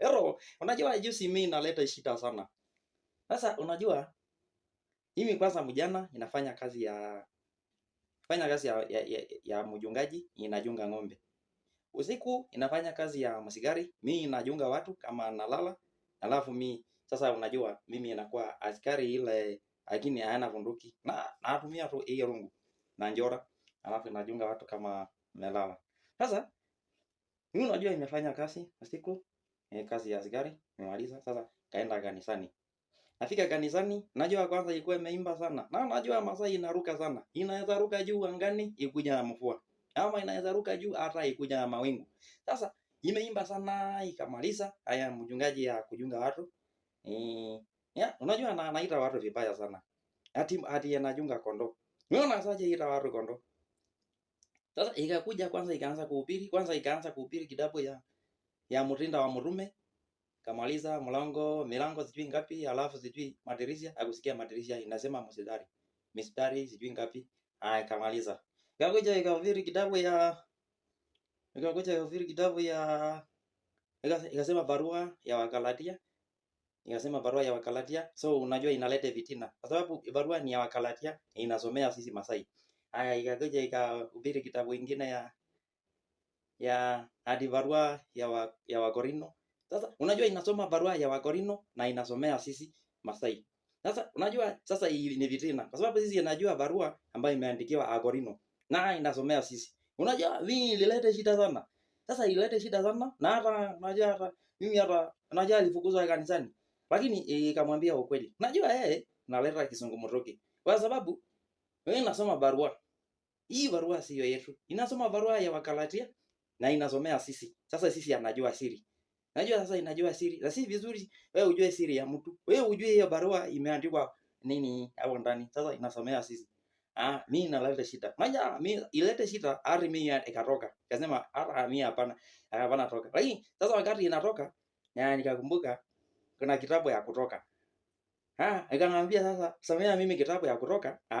Ero, unajua juzi mimi naleta shida sana. Sasa unajua mimi kwanza mjana inafanya kazi ya fanya kazi ya, ya, ya, ya mjungaji inajunga ng'ombe. Usiku inafanya kazi ya msigari, mimi inajunga watu kama nalala. Alafu mimi sasa unajua mimi inakuwa askari ile lakini hayana bunduki. Na natumia tu hiyo rungu na njora. Alafu inajunga watu kama melala. Sasa mimi unajua imefanya kazi usiku eh, kazi ya askari nimemaliza, sasa kaenda kanisani. Nafika kanisani, najua kwanza ilikuwa imeimba sana. Na najua Masai inaruka sana. Inaweza ruka juu angani ikuja na mvua. Ama inaweza ruka juu hata ikuja na mawingu. Sasa imeimba sana ikamaliza. Haya mchungaji ya kujunga watu. Eh, ya, unajua na anaita watu vibaya sana. Hati hati anajunga kondo. Unaona saje ita watu kondo. Sasa ikakuja kwanza ikaanza kuhubiri, kwanza ikaanza kuhubiri kidapo ya ya mrinda wa Murume kamaliza mlango milango sijui ngapi, alafu sijui madirisha, akusikia madirisha inasema msidari mistari sijui ngapi. Haya, kamaliza ngakuja ikahubiri kitabu ya ngakuja ikahubiri kitabu ya ikasema barua ya Wakalatia ikasema barua ya Wakalatia. So unajua inaleta vitina, kwa sababu barua ni ya Wakalatia inasomea sisi Masai. Haya, ikakuja ikahubiri kitabu ingine ya ya hadi barua ya wa, ya Wakorino. Sasa unajua inasoma barua ya Wakorino na inasomea sisi Masai. Sasa unajua sasa hii ni vitina kwa sababu sisi inajua barua ambayo imeandikiwa Agorino na inasomea sisi. Unajua mimi ilete shida sana. Sasa ilete shida sana na hata unajua hata mimi hata unajua alifukuzwa kanisani. Lakini e, ikamwambia e, ukweli. Unajua yeye naleta kisungumotoki. Kwa sababu wewe unasoma barua. Hii barua siyo yetu. Inasoma barua ya Wakalatia na inasomea sisi. Sasa sisi anajua siri. Najua sasa inajua siri. Na si vizuri wewe ujue siri ya mtu. Wewe ujue hiyo barua imeandikwa nini hapo ndani. Sasa inasomea sisi. Ah, mimi inaleta shida. Maana mimi ilete shida ari mimi ikatoka. Kasema ara ah, ah, mimi hapana. Hapana toka. Lakini sasa wakati inatoka, na nikakumbuka kuna kitabu ya kutoka. Ah, nikamwambia sasa samia mimi kitabu ya kutoka. Ah,